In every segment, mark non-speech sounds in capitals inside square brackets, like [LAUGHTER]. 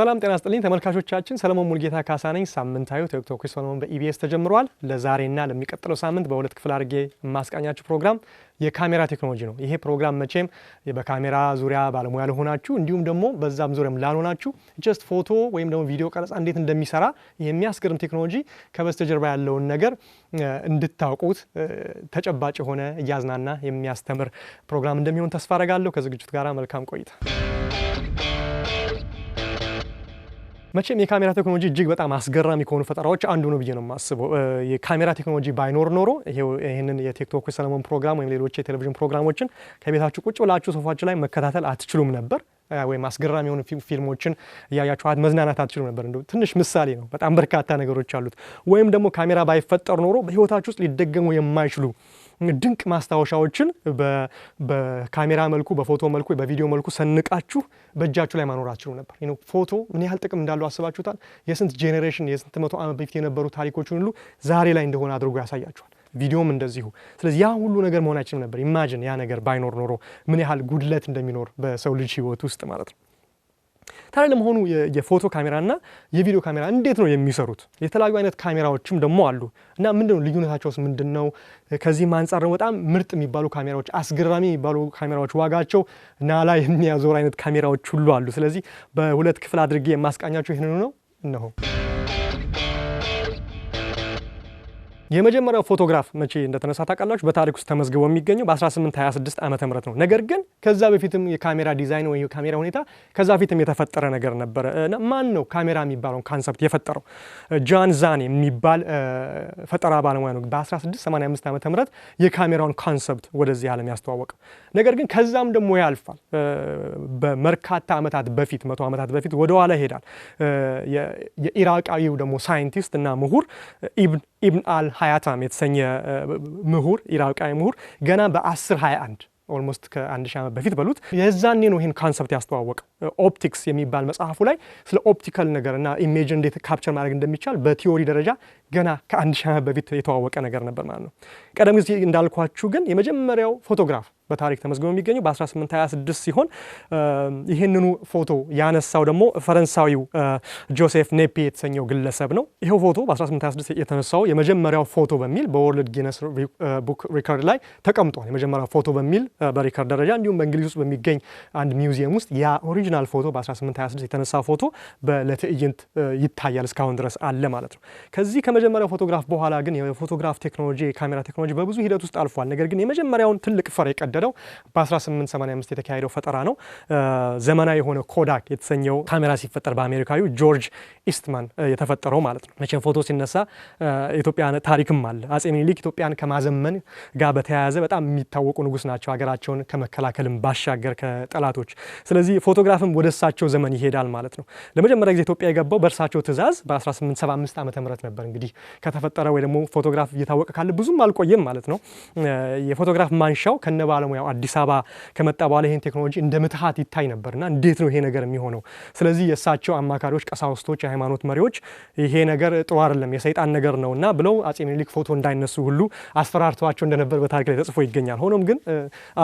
ሰላም ጤና ስጥልኝ ተመልካቾቻችን፣ ሰለሞን ሙልጌታ ካሳ ነኝ። ሳምንታዊ ቴክቶክ ሰለሞን በኢቢኤስ ተጀምሯል። ለዛሬና ለሚቀጥለው ሳምንት በሁለት ክፍል አድርጌ የማስቃኛችሁ ፕሮግራም የካሜራ ቴክኖሎጂ ነው። ይሄ ፕሮግራም መቼም በካሜራ ዙሪያ ባለሙያ ለሆናችሁ እንዲሁም ደግሞ በዛም ዙሪያም ላልሆናችሁ ጀስት ፎቶ ወይም ደግሞ ቪዲዮ ቀረጻ እንዴት እንደሚሰራ የሚያስገርም ቴክኖሎጂ ከበስተጀርባ ያለውን ነገር እንድታውቁት ተጨባጭ የሆነ እያዝናና የሚያስተምር ፕሮግራም እንደሚሆን ተስፋ አረጋለሁ። ከዝግጅቱ ጋር መልካም ቆይታ መቼም የካሜራ ቴክኖሎጂ እጅግ በጣም አስገራሚ ከሆኑ ፈጠራዎች አንዱ ነው ብዬ ነው የማስበው። የካሜራ ቴክኖሎጂ ባይኖር ኖሮ ይህንን የቲክቶክ ሰለሞን ፕሮግራም ወይም ሌሎች የቴሌቪዥን ፕሮግራሞችን ከቤታችሁ ቁጭ ብላችሁ ሶፋችሁ ላይ መከታተል አትችሉም ነበር ወይም አስገራሚ የሆኑ ፊልሞችን እያያችኋት መዝናናት አትችሉም ነበር። እንደው ትንሽ ምሳሌ ነው፣ በጣም በርካታ ነገሮች አሉት። ወይም ደግሞ ካሜራ ባይፈጠር ኖሮ በህይወታችሁ ውስጥ ሊደገሙ የማይችሉ ድንቅ ማስታወሻዎችን በካሜራ መልኩ፣ በፎቶ መልኩ፣ በቪዲዮ መልኩ ሰንቃችሁ በእጃችሁ ላይ ማኖራችሁ ነበር። ፎቶ ምን ያህል ጥቅም እንዳለው አስባችሁታል? የስንት ጄኔሬሽን የስንት መቶ ዓመት በፊት የነበሩ ታሪኮችን ሁሉ ዛሬ ላይ እንደሆነ አድርጎ ያሳያችኋል። ቪዲዮም እንደዚሁ። ስለዚህ ያ ሁሉ ነገር መሆን አይችልም ነበር። ኢማጅን ያ ነገር ባይኖር ኖሮ ምን ያህል ጉድለት እንደሚኖር በሰው ልጅ ህይወት ውስጥ ማለት ነው። ታዲያ ለመሆኑ የፎቶ ካሜራና የቪዲዮ ካሜራ እንዴት ነው የሚሰሩት? የተለያዩ አይነት ካሜራዎችም ደግሞ አሉ እና ምንድነው ነው ልዩነታቸውስ ምንድን ነው? ከዚህም አንጻር ደግሞ በጣም ምርጥ የሚባሉ ካሜራዎች፣ አስገራሚ የሚባሉ ካሜራዎች፣ ዋጋቸው ናላ የሚያዞር አይነት ካሜራዎች ሁሉ አሉ። ስለዚህ በሁለት ክፍል አድርጌ የማስቃኛቸው ይህንኑ ነው እነሆ የመጀመሪያው ፎቶግራፍ መቼ እንደተነሳ ታውቃላችሁ? በታሪክ ውስጥ ተመዝግቦ የሚገኘው በ1826 ዓ ም ነው። ነገር ግን ከዛ በፊትም የካሜራ ዲዛይን ወይ የካሜራ ሁኔታ ከዛ በፊትም የተፈጠረ ነገር ነበረ። ማን ነው ካሜራ የሚባለውን ካንሰፕት የፈጠረው? ጃን ዛን የሚባል ፈጠራ ባለሙያ ነው በ1685 ዓ ም የካሜራውን ካንሰፕት ወደዚህ ዓለም ያስተዋወቀው። ነገር ግን ከዛም ደግሞ ያልፋል። በመርካታ ዓመታት በፊት መቶ ዓመታት በፊት ወደኋላ ይሄዳል። የኢራቃዊው ደግሞ ሳይንቲስት እና ምሁር ኢብን አል ሀያታም የተሰኘ ምሁር ኢራቃዊ ምሁር ገና በ1021 ኦልሞስት ከአንድ ሺህ ዓመት በፊት በሉት የዛኔ ነው ይህን ካንሰፕት ያስተዋወቀ። ኦፕቲክስ የሚባል መጽሐፉ ላይ ስለ ኦፕቲካል ነገር እና ኢሜጅን እንዴት ካፕቸር ማድረግ እንደሚቻል በቲዮሪ ደረጃ ገና ከአንድ ሺህ ዓመት በፊት የተዋወቀ ነገር ነበር ማለት ነው። ቀደም ጊዜ እንዳልኳችሁ ግን የመጀመሪያው ፎቶግራፍ በታሪክ ተመዝግበው የሚገኘው በ1826 ሲሆን ይህንኑ ፎቶ ያነሳው ደግሞ ፈረንሳዊው ጆሴፍ ኔፔ የተሰኘው ግለሰብ ነው። ይኸው ፎቶ በ1826 የተነሳው የመጀመሪያው ፎቶ በሚል በወርልድ ጊነስ ቡክ ሪከርድ ላይ ተቀምጧል። የመጀመሪያው ፎቶ በሚል በሪከርድ ደረጃ እንዲሁም በእንግሊዝ ውስጥ በሚገኝ አንድ ሚውዚየም ውስጥ ያ ኦሪጂናል ፎቶ በ1826 የተነሳ ፎቶ ለትዕይንት ይታያል፣ እስካሁን ድረስ አለ ማለት ነው። ከዚህ ከመጀመሪያው ፎቶግራፍ በኋላ ግን የፎቶግራፍ ቴክኖሎጂ የካሜራ ቴክኖሎጂ በብዙ ሂደት ውስጥ አልፏል። ነገር ግን የመጀመሪያውን ትልቅ ፈር የቀደ የተወሰደው በ1885 የተካሄደው ፈጠራ ነው። ዘመናዊ የሆነ ኮዳክ የተሰኘው ካሜራ ሲፈጠር በአሜሪካዊ ጆርጅ ኢስትማን የተፈጠረው ማለት ነው። መቼም ፎቶ ሲነሳ የኢትዮጵያ ታሪክም አለ። አጼ ሚኒሊክ ኢትዮጵያን ከማዘመን ጋር በተያያዘ በጣም የሚታወቁ ንጉስ ናቸው፣ ሀገራቸውን ከመከላከልም ባሻገር ከጠላቶች። ስለዚህ ፎቶግራፍም ወደ እሳቸው ዘመን ይሄዳል ማለት ነው። ለመጀመሪያ ጊዜ ኢትዮጵያ የገባው በእርሳቸው ትእዛዝ በ1875 ዓ ም ነበር እንግዲህ ከተፈጠረ ወይ ደግሞ ፎቶግራፍ እየታወቀ ካለ ብዙም አልቆየም ማለት ነው። የፎቶግራፍ ማንሻው ከነ ባለሙያው አዲስ አበባ ከመጣ በኋላ ይህን ቴክኖሎጂ እንደ ምትሃት ይታይ ነበርና እንዴት ነው ይሄ ነገር የሚሆነው? ስለዚህ የእሳቸው አማካሪዎች ቀሳውስቶች የሃይማኖት መሪዎች ይሄ ነገር ጥሩ አይደለም፣ የሰይጣን ነገር ነው እና ብለው አጼ ሚኒሊክ ፎቶ እንዳይነሱ ሁሉ አስፈራርተዋቸው እንደነበር በታሪክ ላይ ተጽፎ ይገኛል። ሆኖም ግን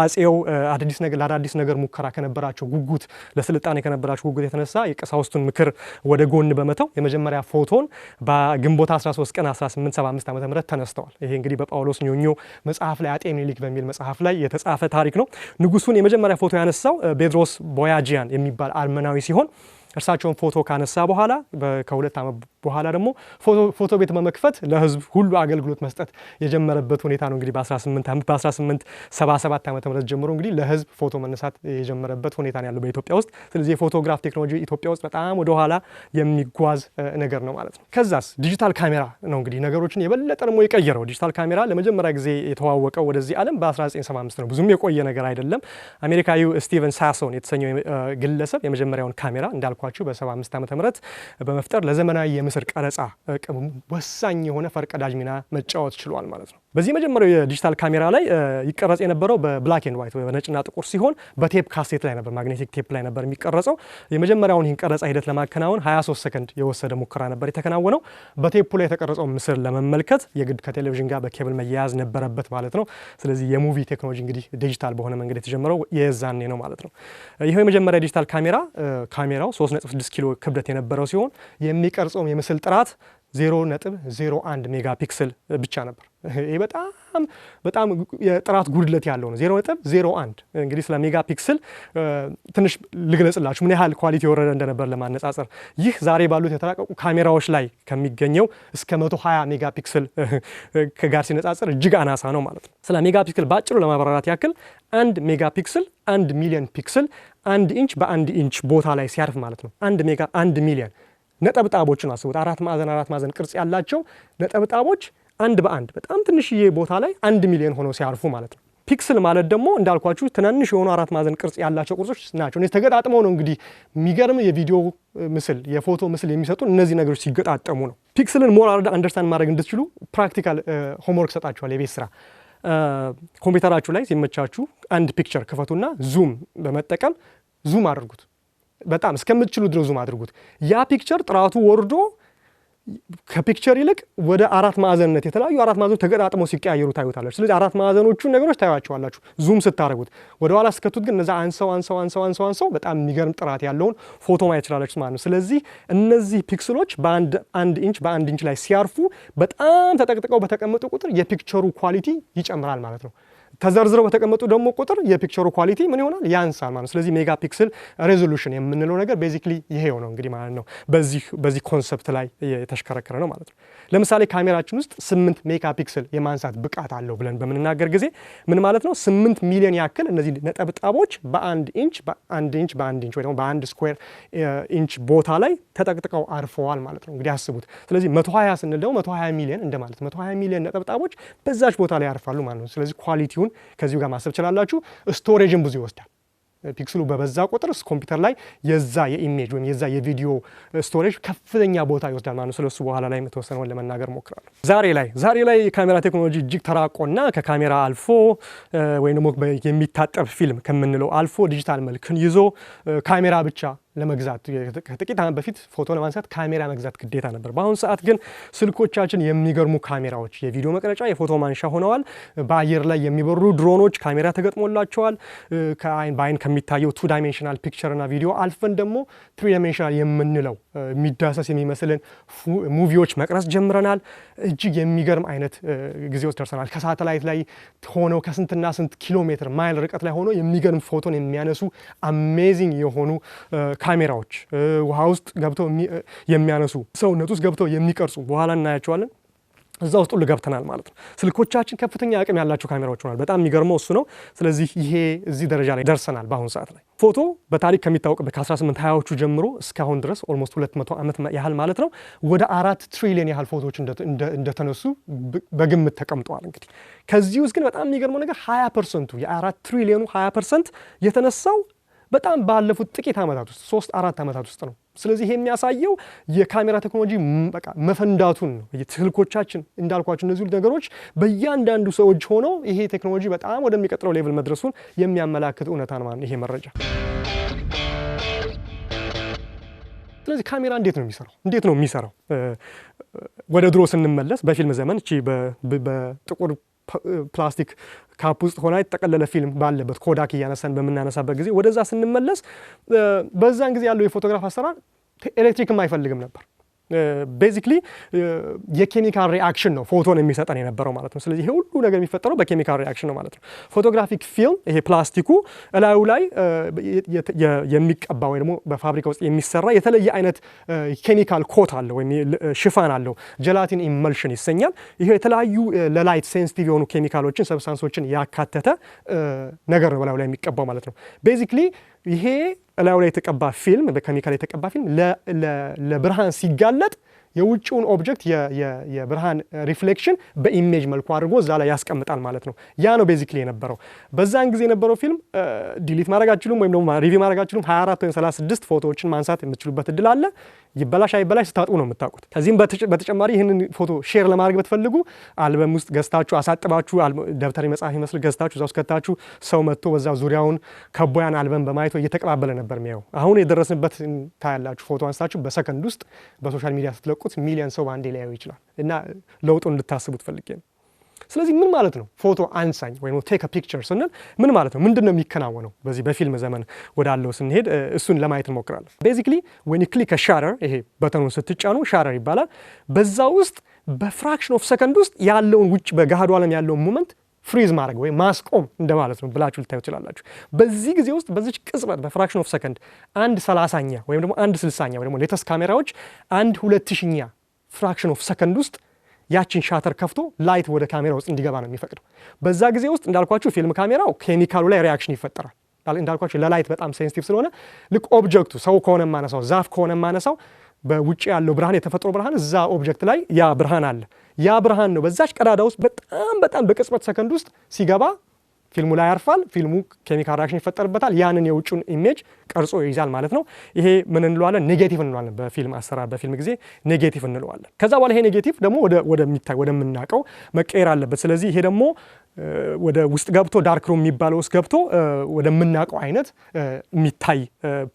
አጼው አዲስ ነገር ለአዳዲስ ነገር ሙከራ ከነበራቸው ጉጉት፣ ለስልጣኔ ከነበራቸው ጉጉት የተነሳ የቀሳውስቱን ምክር ወደ ጎን በመተው የመጀመሪያ ፎቶን በግንቦት 13 ቀን 1875 ዓ ም ተነስተዋል። ይሄ እንግዲህ በጳውሎስ ኞኞ መጽሐፍ ላይ አጤ ሚኒሊክ በሚል መጽሐፍ ላይ የተጻፈ ታሪክ ነው። ንጉሱን የመጀመሪያ ፎቶ ያነሳው ቤድሮስ ቦያጂያን የሚባል አርመናዊ ሲሆን እርሳቸውን ፎቶ ካነሳ በኋላ ከሁለት ዓመት በኋላ ደግሞ ፎቶ ቤት በመክፈት ለህዝብ ሁሉ አገልግሎት መስጠት የጀመረበት ሁኔታ ነው። እንግዲህ በ1877 ዓ ም ጀምሮ እንግዲህ ለህዝብ ፎቶ መነሳት የጀመረበት ሁኔታ ነው ያለው በኢትዮጵያ ውስጥ። ስለዚህ የፎቶግራፍ ቴክኖሎጂ ኢትዮጵያ ውስጥ በጣም ወደኋላ የሚጓዝ ነገር ነው ማለት ነው። ከዛስ ዲጂታል ካሜራ ነው እንግዲህ ነገሮችን የበለጠ ደግሞ የቀየረው። ዲጂታል ካሜራ ለመጀመሪያ ጊዜ የተዋወቀው ወደዚህ ዓለም በ1975 ነው። ብዙም የቆየ ነገር አይደለም። አሜሪካዊው ስቲቨን ሳሶን የተሰኘው ግለሰብ የመጀመሪያውን ካሜራ እንዳልኳችሁ በ75 ዓ ም በመፍጠር ለዘመናዊ ከስር ቀረጻ ወሳኝ የሆነ ፈርቀዳጅ ሚና መጫወት ችሏል ማለት ነው። በዚህ መጀመሪያው የዲጂታል ካሜራ ላይ ይቀረጽ የነበረው በብላክ ኤንድ ዋይት በነጭና ጥቁር ሲሆን በቴፕ ካሴት ላይ ነበር፣ ማግኔቲክ ቴፕ ላይ ነበር የሚቀረጸው። የመጀመሪያውን ይህን ቀረጻ ሂደት ለማከናወን 23 ሰከንድ የወሰደ ሙከራ ነበር የተከናወነው። በቴፑ ላይ የተቀረጸው ምስል ለመመልከት የግድ ከቴሌቪዥን ጋር በኬብል መያያዝ ነበረበት ማለት ነው። ስለዚህ የሙቪ ቴክኖሎጂ እንግዲህ ዲጂታል በሆነ መንገድ የተጀመረው የዛኔ ነው ማለት ነው። ይኸው የመጀመሪያ ዲጂታል ካሜራ ካሜራው 3.6 ኪሎ ክብደት የነበረው ሲሆን የሚቀርጸው የምስል ጥራት 0.01 ሜጋ ፒክስል ብቻ ነበር። ይሄ በጣም በጣም የጥራት ጉድለት ያለው ነው። 0.01 እንግዲህ ስለ ሜጋ ፒክስል ትንሽ ልግለጽላችሁ ምን ያህል ኳሊቲ የወረደ እንደነበር ለማነጻጸር። ይህ ዛሬ ባሉት የተራቀቁ ካሜራዎች ላይ ከሚገኘው እስከ 120 ሜጋ ፒክስል ጋር ሲነጻጸር እጅግ አናሳ ነው ማለት ነው። ስለ ሜጋ ባጭሩ በአጭሩ ለማብራራት ያክል አንድ ሜጋ ፒክስል አንድ ሚሊዮን ፒክስል አንድ ኢንች በአንድ ኢንች ቦታ ላይ ሲያርፍ ማለት ነው። አንድ ሜጋ አንድ ሚሊዮን ነጠብጣቦችን አስቡት። አራት ማዕዘን አራት ማዕዘን ቅርጽ ያላቸው ነጠብጣቦች አንድ በአንድ በጣም ትንሽዬ ቦታ ላይ አንድ ሚሊዮን ሆነው ሲያርፉ ማለት ነው። ፒክስል ማለት ደግሞ እንዳልኳችሁ ትናንሽ የሆኑ አራት ማዕዘን ቅርጽ ያላቸው ቅርጾች ናቸው። እነዚህ ተገጣጥመው ነው እንግዲህ የሚገርም የቪዲዮ ምስል፣ የፎቶ ምስል የሚሰጡ እነዚህ ነገሮች ሲገጣጠሙ ነው። ፒክስልን ሞር አንደርስታንድ ማድረግ እንድትችሉ ፕራክቲካል ሆምወርክ ሰጣችኋል። የቤት ስራ ኮምፒውተራችሁ ላይ ሲመቻችሁ አንድ ፒክቸር ክፈቱና ዙም በመጠቀም ዙም አድርጉት። በጣም እስከምትችሉ ድረስ ዙም አድርጉት። ያ ፒክቸር ጥራቱ ወርዶ ከፒክቸር ይልቅ ወደ አራት ማዕዘንነት የተለያዩ አራት ማዕዘኖች ተገጣጥመው ሲቀያየሩ ታዩታላችሁ። ስለዚህ አራት ማዕዘኖቹን ነገሮች ታያቸዋላችሁ ዙም ስታደርጉት። ወደ ኋላ ግን እነዛ አንሰው አንሰው አንሰው አንሰው አንሰው በጣም የሚገርም ጥራት ያለውን ፎቶ ማየት ይችላላችሁ ማለት ነው። ስለዚህ እነዚህ ፒክስሎች በአንድ ኢንች በአንድ ኢንች ላይ ሲያርፉ በጣም ተጠቅጥቀው በተቀመጡ ቁጥር የፒክቸሩ ኳሊቲ ይጨምራል ማለት ነው። ተዘርዝረው በተቀመጡ ደግሞ ቁጥር የፒክቸሩ ኳሊቲ ምን ይሆናል ያንሳል ማለት ስለዚህ ሜጋ ፒክስል ሬዞሉሽን የምንለው ነገር ቤዚክሊ ይሄው ነው እንግዲህ ማለት ነው። በዚህ ኮንሰፕት ላይ የተሽከረከረ ነው ማለት ነው። ለምሳሌ ካሜራችን ውስጥ 8 ሜጋ ፒክስል የማንሳት ብቃት አለው ብለን በምንናገር ጊዜ ምን ማለት ነው? 8 ሚሊዮን ያክል እነዚህ ነጠብጣቦች በአንድ ኢንች በአንድ ኢንች በአንድ ኢንች ወይ ደግሞ በአንድ ስኩዌር ኢንች ቦታ ላይ ተጠቅጥቀው አርፈዋል ማለት ነው። እንግዲህ አስቡት። ስለዚህ 120 ስንል ደግሞ 120 ሚሊዮን እንደማለት 120 ሚሊዮን ነጠብጣቦች በዛች ቦታ ላይ ያርፋሉ ማለት ነው። ስለዚህ ኳሊቲውን ከዚሁ ጋር ማሰብ ችላላችሁ። ስቶሬጅን ብዙ ይወስዳል። ፒክስሉ በበዛ ቁጥር ኮምፒውተር ላይ የዛ የኢሜጅ ወይም የዛ የቪዲዮ ስቶሬጅ ከፍተኛ ቦታ ይወስዳል ማለት ነው። ስለሱ በኋላ ላይ የተወሰነውን ለመናገር ሞክራለሁ። ዛሬ ላይ ዛሬ ላይ የካሜራ ቴክኖሎጂ እጅግ ተራቆና ከካሜራ አልፎ ወይም ደግሞ የሚታጠብ ፊልም ከምንለው አልፎ ዲጂታል መልክን ይዞ ካሜራ ብቻ ለመግዛት ከጥቂት ዓመት በፊት ፎቶ ለማንሳት ካሜራ መግዛት ግዴታ ነበር። በአሁኑ ሰዓት ግን ስልኮቻችን የሚገርሙ ካሜራዎች፣ የቪዲዮ መቅረጫ፣ የፎቶ ማንሻ ሆነዋል። በአየር ላይ የሚበሩ ድሮኖች ካሜራ ተገጥሞላቸዋል። በአይን ከሚታየው ቱ ዳይሜንሽናል ፒክቸርና ቪዲዮ አልፈን ደግሞ ትሪ ዳይሜንሽናል የምንለው የሚዳሰስ የሚመስልን ሙቪዎች መቅረጽ ጀምረናል። እጅግ የሚገርም አይነት ጊዜ ውስጥ ደርሰናል። ከሳተላይት ላይ ሆነው ከስንትና ስንት ኪሎ ሜትር ማይል ርቀት ላይ ሆኖ የሚገርም ፎቶን የሚያነሱ አሜዚንግ የሆኑ ካሜራዎች ውሃ ውስጥ ገብተው የሚያነሱ ሰውነት ውስጥ ገብተው የሚቀርጹ በኋላ እናያቸዋለን። እዛ ውስጥ ሁሉ ገብተናል ማለት ነው። ስልኮቻችን ከፍተኛ አቅም ያላቸው ካሜራዎች ሆናል። በጣም የሚገርመው እሱ ነው። ስለዚህ ይሄ እዚህ ደረጃ ላይ ደርሰናል። በአሁኑ ሰዓት ላይ ፎቶ በታሪክ ከሚታወቅበት ከ1820ዎቹ ጀምሮ እስካሁን ድረስ ኦልሞስት 200 ዓመት ያህል ማለት ነው ወደ አራት ትሪሊየን ያህል ፎቶዎች እንደተነሱ በግምት ተቀምጠዋል። እንግዲህ ከዚህ ውስጥ ግን በጣም የሚገርመው ነገር 20 ፐርሰንቱ የአራት ትሪሊየኑ 20 ፐርሰንት የተነሳው በጣም ባለፉት ጥቂት ዓመታት ውስጥ ሶስት አራት ዓመታት ውስጥ ነው። ስለዚህ ይሄ የሚያሳየው የካሜራ ቴክኖሎጂ በቃ መፈንዳቱን ነው። ስልኮቻችን እንዳልኳቸው እነዚህ ነገሮች በእያንዳንዱ ሰዎች ሆነው ይሄ ቴክኖሎጂ በጣም ወደሚቀጥለው ሌቭል መድረሱን የሚያመላክት እውነታ ነው ይሄ መረጃ። ስለዚህ ካሜራ እንዴት ነው የሚሰራው? እንዴት ነው የሚሰራው? ወደ ድሮ ስንመለስ በፊልም ዘመን እቺ በጥቁር ፕላስቲክ ካፕ ውስጥ ሆና የተጠቀለለ ፊልም ባለበት ኮዳክ እያነሳን በምናነሳበት ጊዜ ወደዛ ስንመለስ በዛን ጊዜ ያለው የፎቶግራፍ አሰራር ኤሌክትሪክም አይፈልግም ነበር። ቤዚክሊ የኬሚካል ሪአክሽን ነው ፎቶን የሚሰጠን የነበረው ማለት ነው። ስለዚህ ይሄ ሁሉ ነገር የሚፈጠረው በኬሚካል ሪአክሽን ነው ማለት ነው። ፎቶግራፊክ ፊልም ይሄ ፕላስቲኩ እላዩ ላይ የሚቀባ ወይ ደግሞ በፋብሪካ ውስጥ የሚሰራ የተለየ አይነት ኬሚካል ኮት አለው ወይም ሽፋን አለው። ጀላቲን ኢመልሽን ይሰኛል። ይሄ የተለያዩ ለላይት ሴንሲቲቭ የሆኑ ኬሚካሎችን ሰብስታንሶችን ያካተተ ነገር ነው በላዩ ላይ የሚቀባው ማለት ነው ቤዚክሊ ይሄ እላዩ ላይ የተቀባ ፊልም በኬሚካል የተቀባ ፊልም ለብርሃን ሲጋለጥ የውጭውን ኦብጀክት የብርሃን ሪፍሌክሽን በኢሜጅ መልኩ አድርጎ እዛ ላይ ያስቀምጣል ማለት ነው። ያ ነው ቤዚክሊ የነበረው። በዛን ጊዜ የነበረው ፊልም ዲሊት ማድረግ አችሉም ወይም ደግሞ ሪቪ ማድረግ አችሉም። 24 ወይም 36 ፎቶዎችን ማንሳት የምትችሉበት እድል አለ። ይበላሽ አይበላሽ ስታጥቡ ነው የምታውቁት። ከዚህም በተጨማሪ ይህንን ፎቶ ሼር ለማድረግ በትፈልጉ አልበም ውስጥ ገዝታችሁ አሳጥባችሁ ደብተር መጽሐፍ ይመስል ገዝታችሁ እዛ ውስጥ ከታችሁ ሰው መጥቶ በዛ ዙሪያውን ከቦያን አልበም በማየት እየተቀባበለ ነበር ሚያየው። አሁን የደረስንበት ታያላችሁ። ፎቶ አንስታችሁ በሰከንድ ውስጥ በሶሻል ሚዲያ ስትለቁት ሚሊዮን ሰው በአንዴ ሊያዩ ይችላል እና ለውጡን እንድታስቡ ትፈልጌ ነው። ስለዚህ ምን ማለት ነው ፎቶ አንሳኝ ወይም ቴክ ፒክቸር ስንል ምን ማለት ነው? ምንድን ነው የሚከናወነው? በዚህ በፊልም ዘመን ወዳለው ስንሄድ እሱን ለማየት እንሞክራለን። ቤዚክሊ ወን ክሊክ ሻረር፣ ይሄ በተኑን ስትጫኑ ሻረር ይባላል። በዛ ውስጥ በፍራክሽን ኦፍ ሰከንድ ውስጥ ያለውን ውጭ በገሃዱ ዓለም ያለውን ሙመንት ፍሪዝ ማድረግ ወይም ማስቆም እንደማለት ነው ብላችሁ ልታዩ ትችላላችሁ። በዚህ ጊዜ ውስጥ በዚች ቅጽበት በፍራክሽን ኦፍ ሰከንድ አንድ ሰላሳኛ ወይም ደግሞ አንድ ስልሳኛ ወይ ደግሞ ሌተስ ካሜራዎች አንድ ሁለት ሺኛ ፍራክሽን ኦፍ ሰከንድ ውስጥ ያችን ሻተር ከፍቶ ላይት ወደ ካሜራ ውስጥ እንዲገባ ነው የሚፈቅደው። በዛ ጊዜ ውስጥ እንዳልኳችሁ ፊልም ካሜራው ኬሚካሉ ላይ ሪያክሽን ይፈጠራል። እንዳልኳችሁ ለላይት በጣም ሴንሲቲቭ ስለሆነ ልክ ኦብጀክቱ ሰው ከሆነ ማነሳው ዛፍ ከሆነ ማነሳው በውጭ ያለው ብርሃን የተፈጥሮ ብርሃን እዛ ኦብጀክት ላይ ያ ብርሃን አለ። ያ ብርሃን ነው በዛች ቀዳዳ ውስጥ በጣም በጣም በቅጽበት ሰከንድ ውስጥ ሲገባ ፊልሙ ላይ ያርፋል። ፊልሙ ኬሚካል ሪያክሽን ይፈጠርበታል። ያንን የውጭን ኢሜጅ ቀርጾ ይይዛል ማለት ነው። ይሄ ምን እንለዋለን? ኔጌቲቭ እንለዋለን። በፊልም አሰራር በፊልም ጊዜ ኔጌቲቭ እንለዋለን። ከዛ በኋላ ይሄ ኔጌቲቭ ደግሞ ወደሚታይ ወደምናውቀው መቀየር አለበት። ስለዚህ ይሄ ደግሞ ወደ ውስጥ ገብቶ ዳርክ ሩም የሚባለው ውስጥ ገብቶ ወደምናውቀው አይነት የሚታይ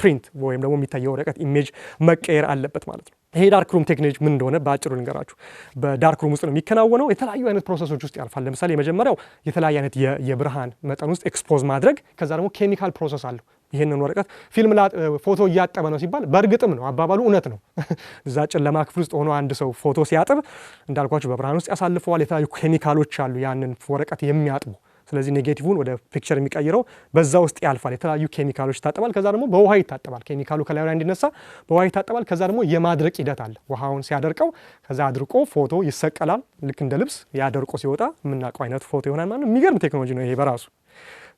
ፕሪንት ወይም ደግሞ የሚታይ የወረቀት ኢሜጅ መቀየር አለበት ማለት ነው። ይሄ ዳርክ ሩም ቴክኖሎጂ ምን እንደሆነ በአጭሩ ልንገራችሁ። በዳርክ ሩም ውስጥ ነው የሚከናወነው። የተለያዩ አይነት ፕሮሰሶች ውስጥ ያልፋል። ለምሳሌ የመጀመሪያው የተለያዩ አይነት የብርሃን መጠን ውስጥ ኤክስፖዝ ማድረግ፣ ከዛ ደግሞ ኬሚካል ፕሮሰስ አለው። ይህንን ወረቀት ፊልም ፎቶ እያጠበ ነው ሲባል በእርግጥም ነው አባባሉ እውነት ነው። [LAUGHS] እዛ ጨለማ ክፍል ውስጥ ሆኖ አንድ ሰው ፎቶ ሲያጥብ እንዳልኳቸው በብርሃን ውስጥ ያሳልፈዋል። የተለያዩ ኬሚካሎች አሉ ያንን ወረቀት የሚያጥቡ ስለዚህ ኔጌቲቭን ወደ ፒክቸር የሚቀይረው በዛ ውስጥ ያልፋል። የተለያዩ ኬሚካሎች ይታጠባል። ከዛ ደግሞ በውሃ ይታጠባል። ኬሚካሉ ከላዩ ላይ እንዲነሳ በውሃ ይታጠባል። ከዛ ደግሞ የማድረቅ ሂደት አለ። ውሃውን ሲያደርቀው ከዛ አድርቆ ፎቶ ይሰቀላል። ልክ እንደ ልብስ ያደርቆ ሲወጣ የምናውቀው አይነት ፎቶ ይሆናል ማለት ነው። የሚገርም ቴክኖሎጂ ነው ይሄ በራሱ።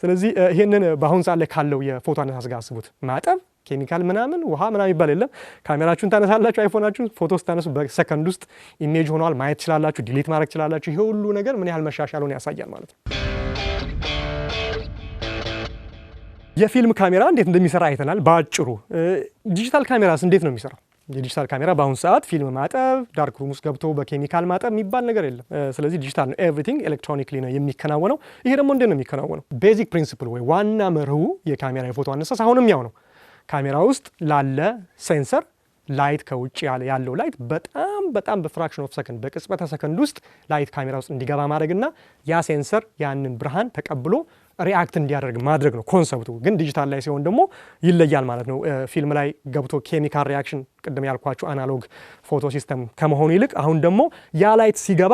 ስለዚህ ይህንን በአሁን ሰዓት ላይ ካለው የፎቶ አነሳስ ጋር አስቡት። ማጠብ ኬሚካል ምናምን ውሃ ምናምን ይባል የለም። ካሜራችሁን ታነሳላችሁ፣ አይፎናችሁን ፎቶ ስታነሱ በሰከንድ ውስጥ ኢሜጅ ሆነዋል ማየት ትችላላችሁ፣ ዲሊት ማድረግ ትችላላችሁ። ይሄ ሁሉ ነገር ምን ያህል መሻሻሉን ያሳያል ማለት ነው። የፊልም ካሜራ እንዴት እንደሚሰራ አይተናል በአጭሩ። ዲጂታል ካሜራስ እንዴት ነው የሚሰራው? የዲጂታል ካሜራ በአሁኑ ሰዓት ፊልም ማጠብ፣ ዳርክ ሩም ውስጥ ገብቶ በኬሚካል ማጠብ የሚባል ነገር የለም። ስለዚህ ዲጂታል ነው፣ ኤቭሪቲንግ ኤሌክትሮኒክሊ ነው የሚከናወነው። ይሄ ደግሞ እንዴት ነው የሚከናወነው? ቤዚክ ፕሪንሲፕል ወይ ዋና መርሁ የካሜራ የፎቶ አነሳስ አሁንም ያው ነው። ካሜራ ውስጥ ላለ ሴንሰር ላይት ከውጭ ያለው ላይት በጣም በጣም በፍራክሽን ኦፍ ሰከንድ በቅጽበተ ሰከንድ ውስጥ ላይት ካሜራ ውስጥ እንዲገባ ማድረግና ያ ሴንሰር ያንን ብርሃን ተቀብሎ ሪአክት እንዲያደርግ ማድረግ ነው ኮንሰብቱ። ግን ዲጂታል ላይ ሲሆን ደግሞ ይለያል ማለት ነው። ፊልም ላይ ገብቶ ኬሚካል ሪአክሽን ቅድም ያልኳችሁ አናሎግ ፎቶ ሲስተም ከመሆኑ ይልቅ አሁን ደግሞ ያ ላይት ሲገባ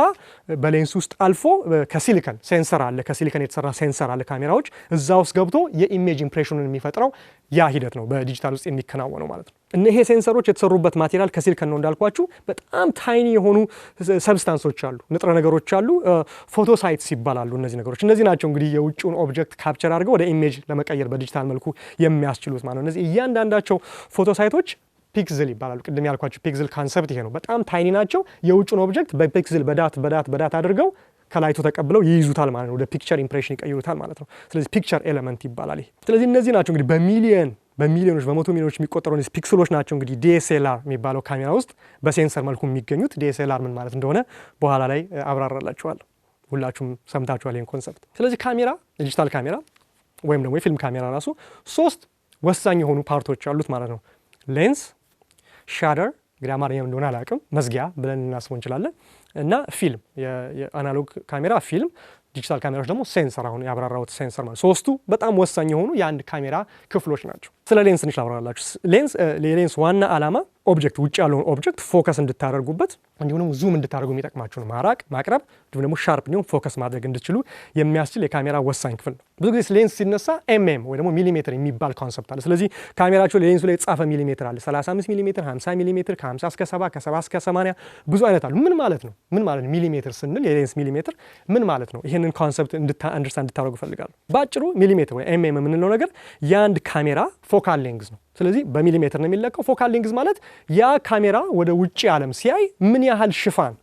በሌንስ ውስጥ አልፎ ከሲሊከን ሴንሰር አለ፣ ከሲሊከን የተሰራ ሴንሰር አለ ካሜራዎች እዛ ውስጥ ገብቶ የኢሜጅ ኢምፕሬሽኑን የሚፈጥረው ያ ሂደት ነው በዲጂታል ውስጥ የሚከናወነው ማለት ነው። እነሄ ሴንሰሮች የተሰሩበት ማቴሪያል ከሲሊከን ነው እንዳልኳችሁ። በጣም ታይኒ የሆኑ ሰብስታንሶች አሉ፣ ንጥረ ነገሮች አሉ። ፎቶሳይትስ ይባላሉ እነዚህ ነገሮች። እነዚህ ናቸው እንግዲህ የውጭውን ኦብጀክት ካፕቸር አድርገው ወደ ኢሜጅ ለመቀየር በዲጂታል መልኩ የሚያስችሉት ማለት ነው። እነዚህ እያንዳንዳቸው ፎቶሳይቶች ፒክዝል ይባላሉ። ቅድም ያልኳቸው ፒክዝል ካንሰፕት ይሄ ነው። በጣም ታይኒ ናቸው። የውጭውን ኦብጀክት በፒክዝል በዳት በዳት በዳት አድርገው ከላይቶ ተቀብለው ይይዙታል ማለት ነው። ወደ ፒክቸር ኢምፕሬሽን ይቀይሩታል ማለት ነው። ስለዚህ ፒክቸር ኤለመንት ይባላል ይሄ። ስለዚህ እነዚህ ናቸው እንግዲህ በሚሊየን በሚሊዮኖች በመቶ ሚሊዮኖች የሚቆጠሩ ፒክስሎች ናቸው እንግዲህ ዲኤስኤልአር የሚባለው ካሜራ ውስጥ በሴንሰር መልኩ የሚገኙት። ዲኤስኤልአር ምን ማለት እንደሆነ በኋላ ላይ አብራራላችኋለሁ። ሁላችሁም ሰምታችኋል ይህን ኮንሰፕት። ስለዚህ ካሜራ ዲጂታል ካሜራ ወይም ደግሞ የፊልም ካሜራ ራሱ ሶስት ወሳኝ የሆኑ ፓርቶች አሉት ማለት ነው። ሌንስ፣ ሻደር እንግዲህ አማርኛ እንደሆነ አላውቅም፣ መዝጊያ ብለን ልናስበው እንችላለን እና ፊልም የአናሎግ ካሜራ ፊልም ዲጂታል ካሜራዎች ደግሞ ሴንሰር፣ አሁን ያብራራሁት ሴንሰር ማለት ሶስቱ በጣም ወሳኝ የሆኑ የአንድ ካሜራ ክፍሎች ናቸው። ስለ ሌንስ ትንሽ ላብራራላችሁ። ሌንስ የሌንስ ዋና ዓላማ ኦብጀክት ውጭ ያለውን ኦብጀክት ፎከስ እንድታደርጉበት እንዲሁም ደግሞ ዙም እንድታደርጉ የሚጠቅማችሁን ማራቅ፣ ማቅረብ እንዲሁም ደግሞ ሻርፕ እንዲሁም ፎከስ ማድረግ እንድችሉ የሚያስችል የካሜራ ወሳኝ ክፍል ነው። ብዙ ጊዜ ሌንስ ሲነሳ ኤምኤም ወይ ደግሞ ሚሊሜትር የሚባል ኮንሰፕት አለ። ስለዚህ ካሜራችሁ ሌንሱ ላይ የጻፈ ሚሊሜትር አለ፣ 35 ሚሊሜትር፣ 50 ሚሊሜትር፣ ከ50 እስከ 70 ከ70 እስከ 80 ብዙ አይነት አሉ። ምን ማለት ነው? ምን ማለት ነው? ሚሊሜትር ስንል የሌንስ ሚሊሜትር ምን ማለት ነው? ይህንን ኮንሰፕት አንደርስታንድ እንድታደርጉ እፈልጋለሁ። በአጭሩ ሚሊሜትር ወይ ኤምኤም የምንለው ነገር የአንድ ካሜራ ፎካል ሌንግዝ ነው። ስለዚህ በሚሊሜትር ነው የሚለካው። ፎካል ሌንግዝ ማለት ያ ካሜራ ወደ ውጭ ዓለም ሲያይ ምን ያህል ሽፋን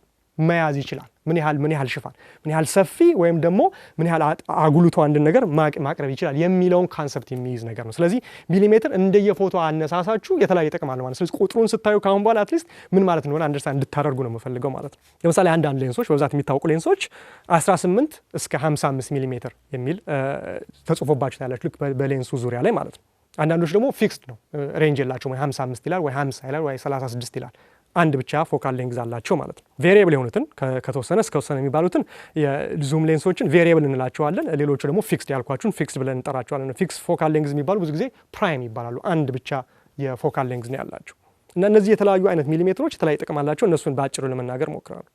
መያዝ ይችላል፣ ምን ያህል ምን ያህል ሽፋን ምን ያህል ሰፊ ወይም ደግሞ ምን ያህል አጉልቶ አንድን ነገር ማቅረብ ይችላል የሚለውን ካንሰፕት የሚይዝ ነገር ነው። ስለዚህ ሚሊሜትር እንደየፎቶ አነሳሳችሁ የተለያየ ጥቅም ማለት። ስለዚህ ቁጥሩን ስታዩ ካሁን በኋላ አትሊስት ምን ማለት እንደሆነ አንደርስታንድ እንድታደርጉ ነው የምፈልገው ማለት ነው። ለምሳሌ አንዳንድ ሌንሶች በብዛት የሚታወቁ ሌንሶች 18 እስከ 55 ሚሊሜትር የሚል ተጽፎባችሁ ታያላችሁ፣ ልክ በሌንሱ ዙሪያ ላይ ማለት ነው። አንዳንዶች ደግሞ ፊክስድ ነው ሬንጅ የላቸው ወይ 55 ይላል ወይ 50 ይላል ወይ 36 ይላል። አንድ ብቻ ፎካል ሌንግዝ አላቸው ማለት ነው። ቬሪየብል የሆኑትን ከተወሰነ እስከ ተወሰነ የሚባሉትን የዙም ሌንሶችን ቬሪየብል እንላቸዋለን። ሌሎቹ ደግሞ ፊክስድ ያልኳችሁን ፊክስድ ብለን እንጠራቸዋለን። ፊክስ ፎካል ሌንግዝ የሚባሉ ብዙ ጊዜ ፕራይም ይባላሉ። አንድ ብቻ የፎካል ሌንግዝ ነው ያላቸው እና እነዚህ የተለያዩ አይነት ሚሊሜትሮች የተለያየ ጥቅም አላቸው። እነሱን በአጭሩ ለመናገር ሞክራለሁ።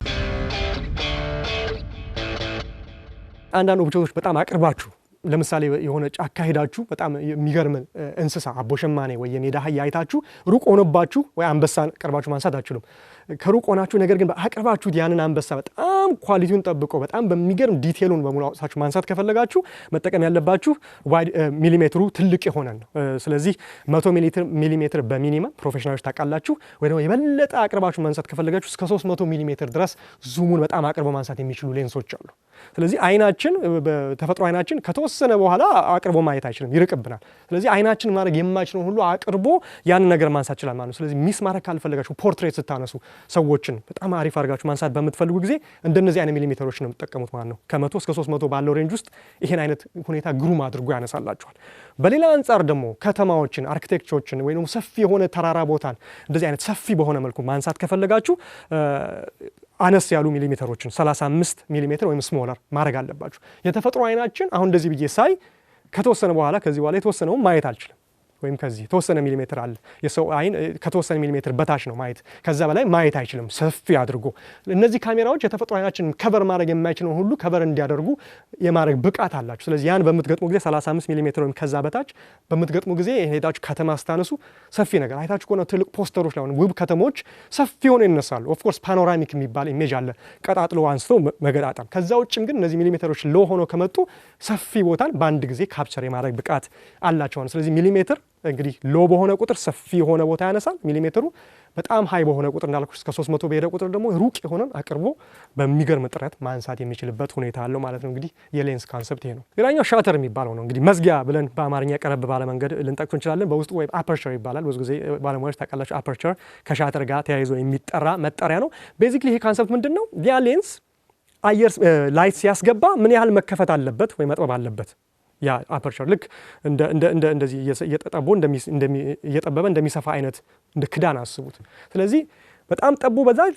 አንዳንድ ኦብጀክቶች በጣም አቅርባችሁ ለምሳሌ የሆነ ጫካ ሄዳችሁ በጣም የሚገርም እንስሳ አቦሸማኔ ወይ የሜዳ አህያ አይታችሁ ሩቅ ሆነባችሁ ወይ አንበሳ ቀርባችሁ ማንሳት አችሉም። ከሩቅ ሆናችሁ ነገር ግን አቅርባችሁት ያንን አንበሳ በጣም ኳሊቲውን ጠብቆ በጣም በሚገርም ዲቴሉን በሙሉ አውጥታችሁ ማንሳት ከፈለጋችሁ መጠቀም ያለባችሁ ዋይድ ሚሊሜትሩ ትልቅ የሆነ ነው። ስለዚህ መቶ ሚሊሜትር በሚኒመም ፕሮፌሽናሎች ታውቃላችሁ። ወይ ደግሞ የበለጠ አቅርባችሁ ማንሳት ከፈለጋችሁ እስከ 300 ሚሊሜትር ድረስ ዙሙን በጣም አቅርቦ ማንሳት የሚችሉ ሌንሶች አሉ። ስለዚህ አይናችን በተፈጥሮ አይናችን ከተወሰነ በኋላ አቅርቦ ማየት አይችልም፣ ይርቅብናል። ስለዚህ አይናችን ማድረግ የማይችለውን ሁሉ አቅርቦ ያንን ነገር ማንሳት ይችላል ማለት ነው። ስለዚህ ሚስ ማድረግ ካልፈለጋችሁ ፖርትሬት ስታነሱ ሰዎችን በጣም አሪፍ አድርጋችሁ ማንሳት በምትፈልጉ ጊዜ እንደነዚህ አይነት ሚሊሜተሮች ነው የምትጠቀሙት ማለት ነው። ከመቶ እስከ ሶስት መቶ ባለው ሬንጅ ውስጥ ይሄን አይነት ሁኔታ ግሩም አድርጎ ያነሳላችኋል። በሌላ አንጻር ደግሞ ከተማዎችን፣ አርክቴክቸሮችን ወይም ሰፊ የሆነ ተራራ ቦታን እንደዚህ አይነት ሰፊ በሆነ መልኩ ማንሳት ከፈለጋችሁ አነስ ያሉ ሚሊሜትሮችን 35 ሚሊሜትር ወይም ስሞለር ማድረግ አለባችሁ። የተፈጥሮ አይናችን አሁን እንደዚህ ብዬ ሳይ ከተወሰነ በኋላ ከዚህ በኋላ የተወሰነውን ማየት አልችልም። ወይም ከዚህ የተወሰነ ሚሊሜትር አለ። የሰው አይን ከተወሰነ ሚሊሜትር በታች ነው ማየት፣ ከዛ በላይ ማየት አይችልም ሰፊ አድርጎ። እነዚህ ካሜራዎች የተፈጥሮ አይናችን ከቨር ማድረግ የማይችለውን ሁሉ ከቨር እንዲያደርጉ የማድረግ ብቃት አላቸው። ስለዚህ ያን በምትገጥሙ ጊዜ 35 ሚሊሜትር ወይም ከዛ በታች በምትገጥሙ ጊዜ ሄዳችሁ ከተማ ስታነሱ ሰፊ ነገር አይታችሁ ከሆነ ትልቅ ፖስተሮች ላይ ውብ ከተሞች ሰፊ ሆነ ይነሳሉ። ኦፍኮርስ ፓኖራሚክ የሚባል ኢሜጅ አለ፣ ቀጣጥሎ አንስተው መገጣጠም። ከዛ ውጭም ግን እነዚህ ሚሊሜትሮች ሎ ከመጡ ሰፊ ቦታን በአንድ ጊዜ ካፕቸር የማድረግ ብቃት አላቸዋል። ስለዚህ ሚሊሜትር እንግዲህ ሎ በሆነ ቁጥር ሰፊ የሆነ ቦታ ያነሳል ሚሊሜትሩ። በጣም ሀይ በሆነ ቁጥር እንዳልኩ እስከ 300 በሄደ ቁጥር ደግሞ ሩቅ የሆነን አቅርቦ በሚገርም ጥረት ማንሳት የሚችልበት ሁኔታ አለው ማለት ነው። እንግዲህ የሌንስ ካንሰፕት ይሄ ነው። ሌላኛው ሻተር የሚባለው ነው። እንግዲህ መዝጊያ ብለን በአማርኛ ቀረብ ባለ መንገድ ልንጠቅሱ እንችላለን። በውስጡ ወይም አፐርቸር ይባላል። ብዙ ጊዜ ባለሙያዎች ታውቃላችሁ፣ አፐርቸር ከሻተር ጋር ተያይዞ የሚጠራ መጠሪያ ነው። ቤዚክሊ ይሄ ካንሰፕት ምንድን ነው? ያ ሌንስ አየር ላይት ሲያስገባ ምን ያህል መከፈት አለበት ወይም መጥበብ አለበት ያ አፐርቸር ልክ እንደዚህ እየጠጠቦ እየጠበበ እንደሚሰፋ አይነት እንደ ክዳን አስቡት። ስለዚህ በጣም ጠቦ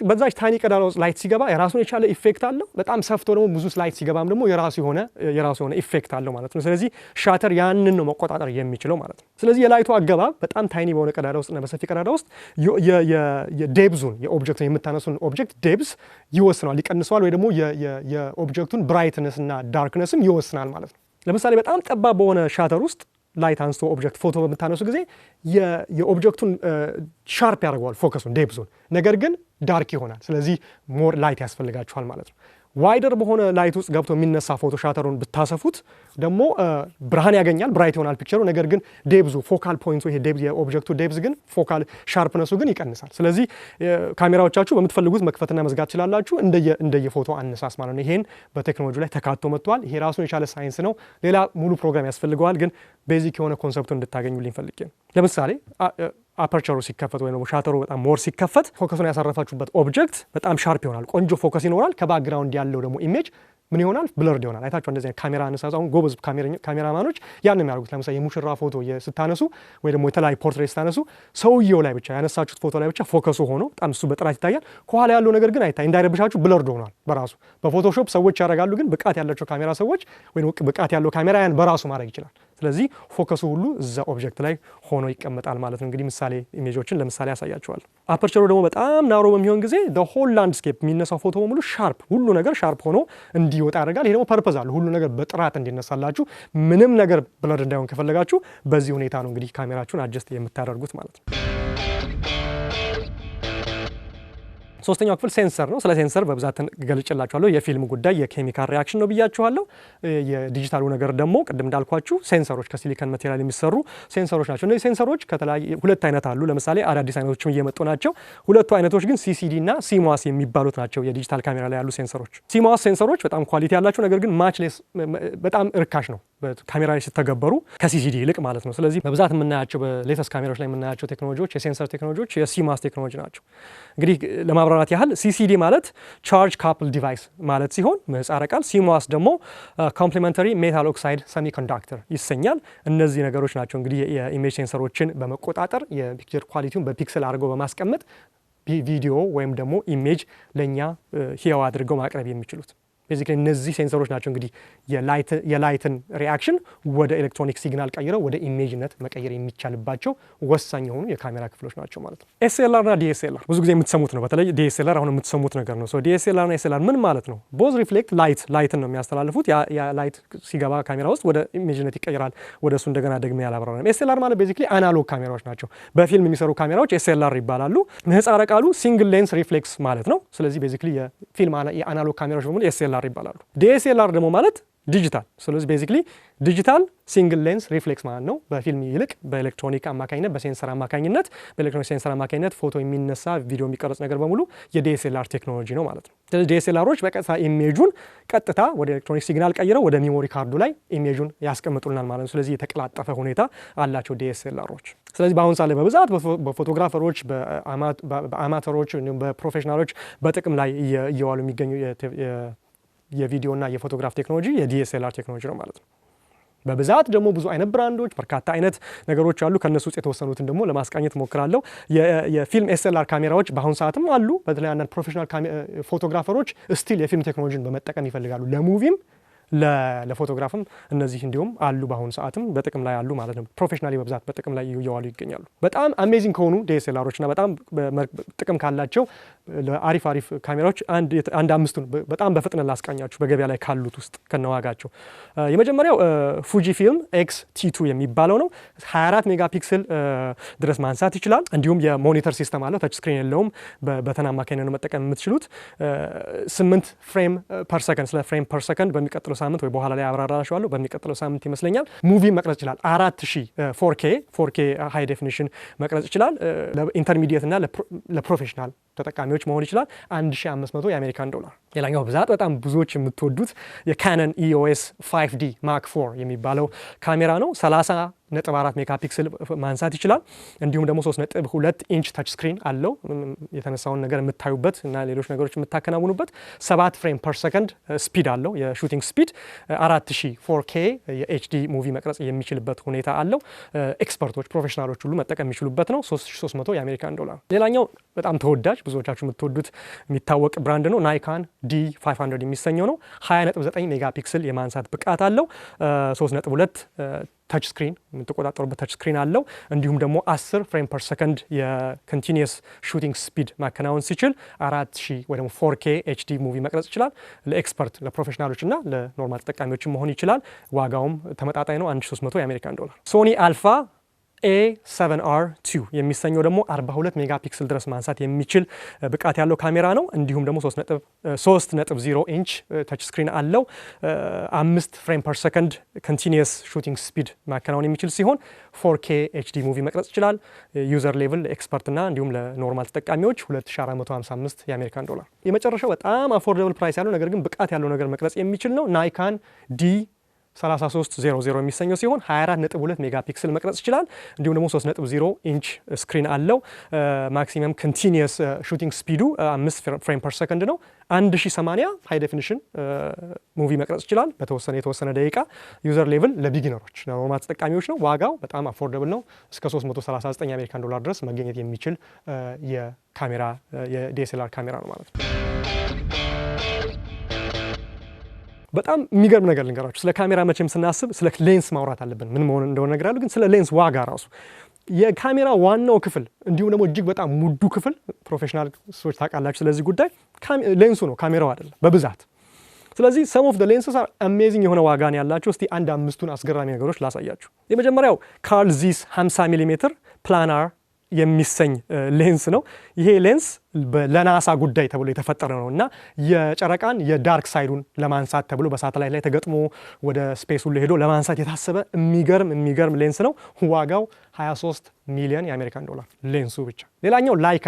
በዛች ታኒ ቀዳዳ ውስጥ ላይት ሲገባ የራሱን የቻለ ኢፌክት አለው። በጣም ሰፍቶ ደግሞ ብዙ ላይት ሲገባም ደግሞ የራሱ የሆነ የራሱ የሆነ ኢፌክት አለው ማለት ነው። ስለዚህ ሻተር ያንን ነው መቆጣጠር የሚችለው ማለት ነው። ስለዚህ የላይቱ አገባብ በጣም ታይኒ በሆነ ቀዳዳ ውስጥና በሰፊ ቀዳዳ ውስጥ የዴብዙን የኦብጀክት የምታነሱን ኦብጀክት ዴብዝ ይወስነዋል፣ ይቀንሰዋል ወይ ደግሞ የኦብጀክቱን ብራይትነስ እና ዳርክነስም ይወስናል ማለት ነው። ለምሳሌ በጣም ጠባብ በሆነ ሻተር ውስጥ ላይት አንስቶ ኦብጀክት ፎቶ በምታነሱ ጊዜ የኦብጀክቱን ሻርፕ ያደርገዋል ፎከሱን ዴፕዙን፣ ነገር ግን ዳርክ ይሆናል። ስለዚህ ሞር ላይት ያስፈልጋችኋል ማለት ነው። ዋይደር በሆነ ላይት ውስጥ ገብቶ የሚነሳ ፎቶ ሻተሩን ብታሰፉት ደግሞ ብርሃን ያገኛል፣ ብራይት ይሆናል ፒክቸሩ። ነገር ግን ዴብዙ ፎካል ፖይንቱ ይሄ ዴብዝ የኦብጀክቱ ዴብዝ ግን ፎካል ሻርፕነሱ ግን ይቀንሳል። ስለዚህ ካሜራዎቻችሁ በምትፈልጉት መክፈትና መዝጋት ትችላላችሁ፣ እንደየ ፎቶ አነሳስ ማለት ነው። ይሄን በቴክኖሎጂ ላይ ተካቶ መጥቷል። ይሄ ራሱን የቻለ ሳይንስ ነው። ሌላ ሙሉ ፕሮግራም ያስፈልገዋል። ግን ቤዚክ የሆነ ኮንሰፕቱን እንድታገኙልኝ ፈልጌ ለምሳሌ አፐርቸሩ ሲከፈት ወይ ደግሞ ሻተሩ በጣም ሞር ሲከፈት ፎከሱን ያሳረፋችሁበት ኦብጀክት በጣም ሻርፕ ይሆናል። ቆንጆ ፎከስ ይኖራል። ከባክግራውንድ ያለው ደግሞ ኢሜጅ ምን ይሆናል? ብለርድ ይሆናል። አይታችሁ እንደዚህ ካሜራ አነሳሱ። አሁን ጎበዝ ካሜራማኖች ያን የሚያደርጉት ለምሳሌ የሙሽራ ፎቶ ስታነሱ ወይ ደግሞ የተለያዩ ፖርትሬት ስታነሱ ሰውየው ላይ ብቻ ያነሳችሁት ፎቶ ላይ ብቻ ፎከሱ ሆኖ በጣም እሱ በጥራት ይታያል። ከኋላ ያለው ነገር ግን አይታይ እንዳይረብሻችሁ ብለርድ ሆኗል በራሱ በፎቶሾፕ ሰዎች ያደርጋሉ። ግን ብቃት ያላቸው ካሜራ ሰዎች ወይ ብቃት ያለው ካሜራ ያን በራሱ ማድረግ ይችላል። ስለዚህ ፎከሱ ሁሉ እዛ ኦብጀክት ላይ ሆኖ ይቀመጣል ማለት ነው። እንግዲህ ምሳሌ ኢሜጆችን ለምሳሌ ያሳያቸዋል። አፐርቸሩ ደግሞ በጣም ናሮ በሚሆን ጊዜ ሆል ላንድስኬፕ የሚነሳው ፎቶ በሙሉ ሻርፕ ሁሉ ነገር ሻርፕ ሆኖ እንዲወጣ ያደርጋል። ይሄ ደግሞ ፐርፐዝ አለ። ሁሉ ነገር በጥራት እንዲነሳላችሁ ምንም ነገር ብለድ እንዳይሆን ከፈለጋችሁ በዚህ ሁኔታ ነው እንግዲህ ካሜራችሁን አጀስት የምታደርጉት ማለት ነው። ሶስተኛው ክፍል ሴንሰር ነው። ስለ ሴንሰር በብዛት ገልጭላችኋለሁ። የፊልም ጉዳይ የኬሚካል ሪያክሽን ነው ብያችኋለሁ። የዲጂታሉ ነገር ደግሞ ቅድም እንዳልኳችሁ ሴንሰሮች ከሲሊከን ማቴሪያል የሚሰሩ ሴንሰሮች ናቸው። እነዚህ ሴንሰሮች ከተለያየ ሁለት አይነት አሉ። ለምሳሌ አዳዲስ አይነቶችም እየመጡ ናቸው። ሁለቱ አይነቶች ግን ሲሲዲ እና ሲሞስ የሚባሉት ናቸው። የዲጂታል ካሜራ ላይ ያሉ ሴንሰሮች ሲሞስ ሴንሰሮች በጣም ኳሊቲ ያላቸው ነገር ግን ማችሌስ በጣም እርካሽ ነው። ካሜራ ላይ ሲተገበሩ ከሲሲዲ ይልቅ ማለት ነው። ስለዚህ በብዛት የምናያቸው በሌተስ ካሜራዎች ላይ የምናያቸው ቴክኖሎጂዎች የሴንሰር ቴክኖሎጂዎች የሲማስ ቴክኖሎጂ ናቸው። እንግዲህ ለማብራራት ያህል ሲሲዲ ማለት ቻርጅ ካፕል ዲቫይስ ማለት ሲሆን ምህጻረ ቃል ሲማስ ደግሞ ኮምፕሊመንተሪ ሜታል ኦክሳይድ ሰሚ ኮንዳክተር ይሰኛል። እነዚህ ነገሮች ናቸው እንግዲህ የኢሜጅ ሴንሰሮችን በመቆጣጠር የፒክቸር ኳሊቲውን በፒክስል አድርገው በማስቀመጥ ቪዲዮ ወይም ደግሞ ኢሜጅ ለእኛ uh, ህያው አድርገው ማቅረብ የሚችሉት ቤዚካሊ እነዚህ ሴንሰሮች ናቸው እንግዲህ የላይትን ሪያክሽን ወደ ኤሌክትሮኒክ ሲግናል ቀይረው ወደ ኢሜጅነት መቀየር የሚቻልባቸው ወሳኝ የሆኑ የካሜራ ክፍሎች ናቸው ማለት ነው። ኤስኤልአር እና ዲኤስኤልአር ብዙ ጊዜ የምትሰሙት ነው። በተለይ ዲኤስኤልአር አሁን የምትሰሙት ነገር ነው። ዲኤስኤልአር እና ኤስኤልአር ምን ማለት ነው? ቦዝ ሪፍሌክት ላይት ላይትን ነው የሚያስተላልፉት። ላይት ሲገባ ካሜራ ውስጥ ወደ ኢሜጅነት ይቀይራል። ወደ እሱ እንደገና ደግሜ ያላብራራም። ኤስኤልአር ማለት ቤዚካሊ አናሎግ ካሜራዎች ናቸው። በፊልም የሚሰሩ ካሜራዎች ኤስኤልአር ይባላሉ። ምህጻረ ቃሉ ሲንግል ሌንስ ሪፍሌክስ ማለት ነው። ስለዚህ ቤዚካሊ የፊልም የአናሎግ ካሜራዎች በሙሉ ኤስኤልአር ዲኤስኤልአር ይባላሉ። ዲኤስኤልአር ደግሞ ማለት ዲጂታል ስለዚህ ቤዚክሊ ዲጂታል ሲንግል ሌንስ ሪፍሌክስ ማለት ነው። በፊልም ይልቅ በኤሌክትሮኒክ አማካኝነት በሴንሰር አማካኝነት በኤሌክትሮኒክ ሴንሰር አማካኝነት ፎቶ የሚነሳ ቪዲዮ የሚቀረጽ ነገር በሙሉ የዲኤስኤልአር ቴክኖሎጂ ነው ማለት ነው። ስለዚህ ዲኤስኤልአሮች በቀጥታ ኢሜጁን ቀጥታ ወደ ኤሌክትሮኒክ ሲግናል ቀይረው ወደ ሚሞሪ ካርዱ ላይ ኢሜጁን ያስቀምጡልናል ማለት ነው። ስለዚህ የተቀላጠፈ ሁኔታ አላቸው ዲኤስኤልአሮች። ስለዚህ በአሁን ሰዓት ላይ በብዛት በፎቶግራፈሮች፣ በአማተሮች፣ በፕሮፌሽናሎች በጥቅም ላይ እየዋሉ የሚገኙ የቪዲዮና የፎቶግራፍ ቴክኖሎጂ የዲኤስኤልአር ቴክኖሎጂ ነው ማለት ነው። በብዛት ደግሞ ብዙ አይነት ብራንዶች በርካታ አይነት ነገሮች አሉ። ከነሱ ውስጥ የተወሰኑትን ደግሞ ለማስቃኘት ሞክራለሁ። የፊልም ኤስኤልአር ካሜራዎች በአሁኑ ሰዓትም አሉ። በተለይ አንዳንድ ፕሮፌሽናል ፎቶግራፈሮች ስቲል የፊልም ቴክኖሎጂን በመጠቀም ይፈልጋሉ ለሙቪም ለፎቶግራፍም እነዚህ እንዲሁም አሉ በአሁኑ ሰዓትም በጥቅም ላይ አሉ ማለት ነው። ፕሮፌሽናሊ በብዛት በጥቅም ላይ እየዋሉ ይገኛሉ። በጣም አሜዚንግ ከሆኑ ዲኤስኤልአሮች በጣም ጥቅም ካላቸው አሪፍ አሪፍ ካሜራዎች አንድ አምስቱን በጣም በፍጥነት ላስቃኛችሁ በገበያ ላይ ካሉት ውስጥ ከነዋጋቸው የመጀመሪያው ፉጂ ፊልም ኤክስ ቲቱ የሚባለው ነው። 24 ሜጋ ፒክስል ድረስ ማንሳት ይችላል። እንዲሁም የሞኒተር ሲስተም አለው። ተች ስክሪን የለውም። በተና አማካኝነት መጠቀም የምትችሉት ስምንት ፍሬም ፐር ሰከንድ ስለ ፍሬም ፐር ሰከንድ በሚቀጥለው በሚቀጥለው ሳምንት ወይ በኋላ ላይ አብራራላችኋለሁ። በሚቀጥለው ሳምንት ይመስለኛል ሙቪ መቅረጽ ይችላል። አራት ሺ ፎር ኬ ፎር ኬ ሃይ ዴፊኒሽን መቅረጽ ይችላል። ለኢንተርሚዲየት እና ለፕሮፌሽናል ተጠቃሚዎች መሆን ይችላል 1500 የአሜሪካን ዶላር። ሌላኛው ብዛት በጣም ብዙዎች የምትወዱት የካነን ኢኦኤስ 5ዲ ማክ 4 የሚባለው ካሜራ ነው። 30 ነጥብ 4 ሜጋፒክስል ማንሳት ይችላል። እንዲሁም ደግሞ 3 ነጥብ 2 ኢንች ታች ስክሪን አለው። የተነሳውን ነገር የምታዩበት እና ሌሎች ነገሮች የምታከናውኑበት። 7 ፍሬም ፐር ሰከንድ ስፒድ አለው የሹቲንግ ስፒድ። 4000 4 ኬ የኤችዲ ሙቪ መቅረጽ የሚችልበት ሁኔታ አለው። ኤክስፐርቶች ፕሮፌሽናሎች ሁሉ መጠቀም የሚችሉበት ነው። 3300 የአሜሪካን ዶላር። ሌላኛው በጣም ተወዳጅ ብዙዎቻችሁ የምትወዱት የሚታወቅ ብራንድ ነው። ናይካን ዲ 500 የሚሰኘው ነው። ሜጋ ሜጋፒክስል የማንሳት ብቃት አለው። 3.2 ተች ስክሪን የምትቆጣጠሩበት ተች ስክሪን አለው። እንዲሁም ደግሞ 10 ፍሬም ፐር ሰከንድ የኮንቲኒየስ ሹቲንግ ስፒድ ማከናወን ሲችል 4000 ወይ ደግሞ 4K ኤችዲ ሙቪ መቅረጽ ይችላል። ለኤክስፐርት ለፕሮፌሽናሎች እና ለኖርማል ተጠቃሚዎችም መሆን ይችላል። ዋጋውም ተመጣጣኝ ነው፣ 1300 የአሜሪካን ዶላር። ሶኒ አልፋ ኤ7አር2 የሚሰኘው ደግሞ 42 ሜጋ ድረስ ማንሳት የሚችል ብቃት ያለው ካሜራ ነው። እንዲሁም ደግሞ 3 ነጥብ 0 ኢንች ተች ስክሪን አለው። አምስት ፍሬም ፐር ሰከንድ ኮንቲኒየስ ሹቲንግ ስፒድ ማከናወን የሚችል ሲሆን 4K ኤችዲ ሙቪ መቅረጽ ይችላል። ዩዘር ሌቭል ኤክስፐርት እና እንዲሁም ለኖርማል ተጠቃሚዎች 2455 የአሜሪካን ዶላር። የመጨረሻው በጣም አፎርደብል ፕራይስ ያለው ነገር ግን ብቃት ያለው ነገር መቅረጽ የሚችል ነው ናይካን ዲ 3300 የሚሰኘው ሲሆን 24.2 ሜጋ ፒክስል መቅረጽ ይችላል። እንዲሁም ደግሞ 3.0 ኢንች ስክሪን አለው። ማክሲመም ኮንቲኒየስ ሹቲንግ ስፒዱ 5 ፍሬም ፐር ሰከንድ ነው። 1080 ሃይ ዴፊኒሽን ሙቪ መቅረጽ ይችላል በተወሰነ የተወሰነ ደቂቃ። ዩዘር ሌቭል ለቢጊነሮች ለኖርማል ተጠቃሚዎች ነው። ዋጋው በጣም አፎርደብል ነው። እስከ 339 የአሜሪካን ዶላር ድረስ መገኘት የሚችል የካሜራ የዲኤስኤልአር ካሜራ ነው ማለት ነው። በጣም የሚገርም ነገር ልንገራችሁ። ስለ ካሜራ መቼም ስናስብ ስለ ሌንስ ማውራት አለብን፣ ምን መሆን እንደሆነ እነግራለሁ። ግን ስለ ሌንስ ዋጋ ራሱ የካሜራ ዋናው ክፍል እንዲሁም ደግሞ እጅግ በጣም ሙዱ ክፍል ፕሮፌሽናል ሰዎች ታውቃላችሁ ስለዚህ ጉዳይ ሌንሱ ነው፣ ካሜራው አይደለም በብዛት። ስለዚህ ሰም ኦፍ ሌንስስ አር አሜዚንግ የሆነ ዋጋ ነው ያላቸው። እስቲ አንድ አምስቱን አስገራሚ ነገሮች ላሳያችሁ። የመጀመሪያው ካርል ዚስ 50 ሚሜ ፕላናር የሚሰኝ ሌንስ ነው። ይሄ ሌንስ ለናሳ ጉዳይ ተብሎ የተፈጠረ ነው እና የጨረቃን የዳርክ ሳይዱን ለማንሳት ተብሎ በሳተላይት ላይ ተገጥሞ ወደ ስፔስ ሁሉ ሄዶ ለማንሳት የታሰበ የሚገርም የሚገርም ሌንስ ነው። ዋጋው 23 ሚሊዮን የአሜሪካን ዶላር ሌንሱ ብቻ። ሌላኛው ላይካ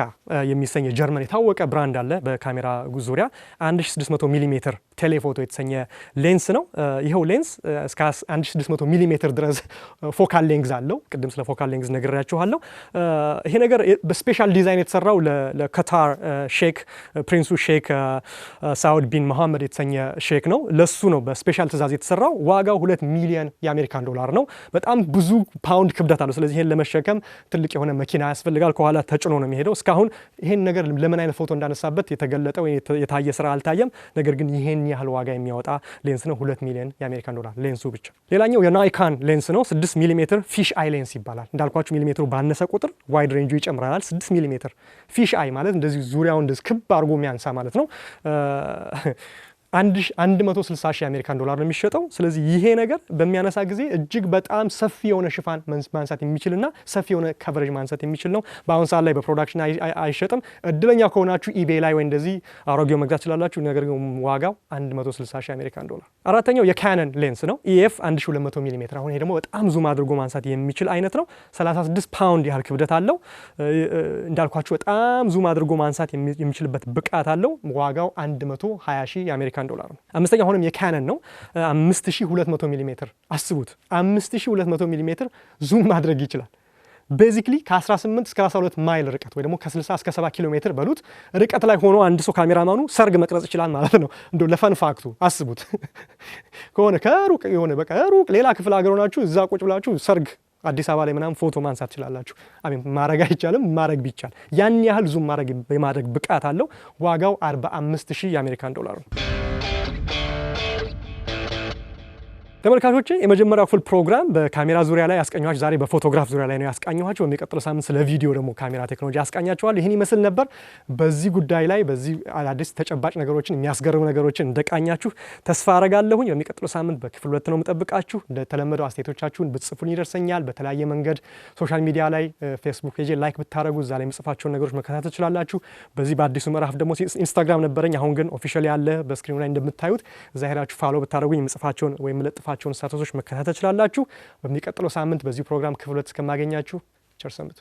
የሚሰኝ የጀርመን የታወቀ ብራንድ አለ። በካሜራ ዙሪያ 1600 ሚሜ ቴሌፎቶ የተሰኘ ሌንስ ነው። ይኸው ሌንስ እስከ 1600 ሚሜ ድረስ ፎካል ሌንግዝ አለው። ቅድም ስለ ፎካል ሌንግዝ ነግሬያችኋለሁ። ይሄ ነገር በስፔሻል ዲዛይን የተሰራው ለከታ የካታር ሼክ ፕሪንሱ ሼክ ሳውድ ቢን መሐመድ የተሰኘ ሼክ ነው። ለሱ ነው በስፔሻል ትእዛዝ የተሰራው። ዋጋው ሁለት ሚሊዮን የአሜሪካን ዶላር ነው። በጣም ብዙ ፓውንድ ክብደት አለው። ስለዚህ ይህን ለመሸከም ትልቅ የሆነ መኪና ያስፈልጋል። ከኋላ ተጭኖ ነው የሚሄደው። እስካሁን ይህን ነገር ለምን አይነት ፎቶ እንዳነሳበት የተገለጠ ወይ የታየ ስራ አልታየም። ነገር ግን ይህን ያህል ዋጋ የሚያወጣ ሌንስ ነው። ሁለት ሚሊዮን የአሜሪካን ዶላር ሌንሱ ብቻ። ሌላኛው የናይካን ሌንስ ነው። ስድስት ሚሊሜትር ፊሽ አይ ሌንስ ይባላል። እንዳልኳችሁ ሚሊሜትሩ ባነሰ ቁጥር ዋይድ ሬንጁ ይጨምራል። ስድስት ሚሊሜትር ፊሽ አይ ማለት እንደዚህ ዙሪያውን እንደዚህ ክብ አድርጎ የሚያንሳ ማለት ነው። 160 ሺህ አሜሪካን ዶላር ነው የሚሸጠው። ስለዚህ ይሄ ነገር በሚያነሳ ጊዜ እጅግ በጣም ሰፊ የሆነ ሽፋን ማንሳት የሚችልና ሰፊ የሆነ ከቨሬጅ ማንሳት የሚችል ነው። በአሁን ሰዓት ላይ በፕሮዳክሽን አይሸጥም። እድለኛ ከሆናችሁ ኢቤይ ላይ ወይ እንደዚህ አሮጌው መግዛት ችላላችሁ ነገር ግን ዋጋው 160 ሺህ አሜሪካን ዶላር። አራተኛው የካነን ሌንስ ነው ኢኤፍ 1200 ሜትር። አሁን ይሄ ደግሞ በጣም ዙም አድርጎ ማንሳት የሚችል አይነት ነው። 36 ፓውንድ ያህል ክብደት አለው። እንዳልኳችሁ በጣም ዙም አድርጎ ማንሳት የሚችልበት ብቃት አለው። ዋጋው 120 ሺህ የአሜሪካን 1 ዶላር ነው። አምስተኛ አሁንም የካነን ነው 5200 ሚሜ አስቡት፣ 5200 ሚሜ ዙም ማድረግ ይችላል። ቤዚክሊ ከ18 እስከ 12 ማይል ርቀት ወይ ደግሞ ከ60 እስከ 70 ኪሎ ሜትር በሉት ርቀት ላይ ሆኖ አንድ ሰው ካሜራማኑ ሰርግ መቅረጽ ይችላል ማለት ነው። እንዶ ለፈን ፋክቱ አስቡት [LAUGHS] ከሆነ ከሩቅ የሆነ በቃ ሩቅ ሌላ ክፍል ሀገር ሆናችሁ እዛ ቁጭ ብላችሁ ሰርግ አዲስ አበባ ላይ ምናምን ፎቶ ማንሳት ትችላላችሁ። አሜን ማድረግ አይቻልም፣ ማድረግ ቢቻል ያን ያህል ዙም ማድረግ የማድረግ ብቃት አለው። ዋጋው 45000 የአሜሪካን ዶላር ነው። ተመልካቾቼ የመጀመሪያው ክፍል ፕሮግራም በካሜራ ዙሪያ ላይ ያስቀኘኋችሁ፣ ዛሬ በፎቶግራፍ ዙሪያ ላይ ነው ያስቃኘኋችሁ። በሚቀጥለው ሳምንት ስለ ቪዲዮ ደግሞ ካሜራ ቴክኖሎጂ ያስቃኛችኋለሁ። ይህን ይመስል ነበር። በዚህ ጉዳይ ላይ በዚህ አዳዲስ ተጨባጭ ነገሮችን የሚያስገርሙ ነገሮችን እንደቃኛችሁ ተስፋ አረጋለሁኝ። በሚቀጥለው ሳምንት በክፍል ሁለት ነው የምጠብቃችሁ። እንደተለመደው አስተያየቶቻችሁን ብጽፉን ይደርሰኛል። በተለያየ መንገድ ሶሻል ሚዲያ ላይ ፌስቡክ ፔጅ ላይክ ብታደረጉ እዛ ላይ የምጽፋቸውን ነገሮች መከታተል ትችላላችሁ። በዚህ በአዲሱ ምዕራፍ ደግሞ ኢንስታግራም ነበረኝ፣ አሁን ግን ኦፊሻል ያለ በስክሪኑ ላይ እንደምታዩት እዛ ሄዳችሁ ፋሎ ብታደረጉኝ የምጽፋቸውን ወይም ለጥፋ ያገኘኋቸውን ስታተሶች መከታተል ትችላላችሁ። በሚቀጥለው ሳምንት በዚሁ ፕሮግራም ክፍል ሁለት እስከማገኛችሁ ቸር ሰንብቱ።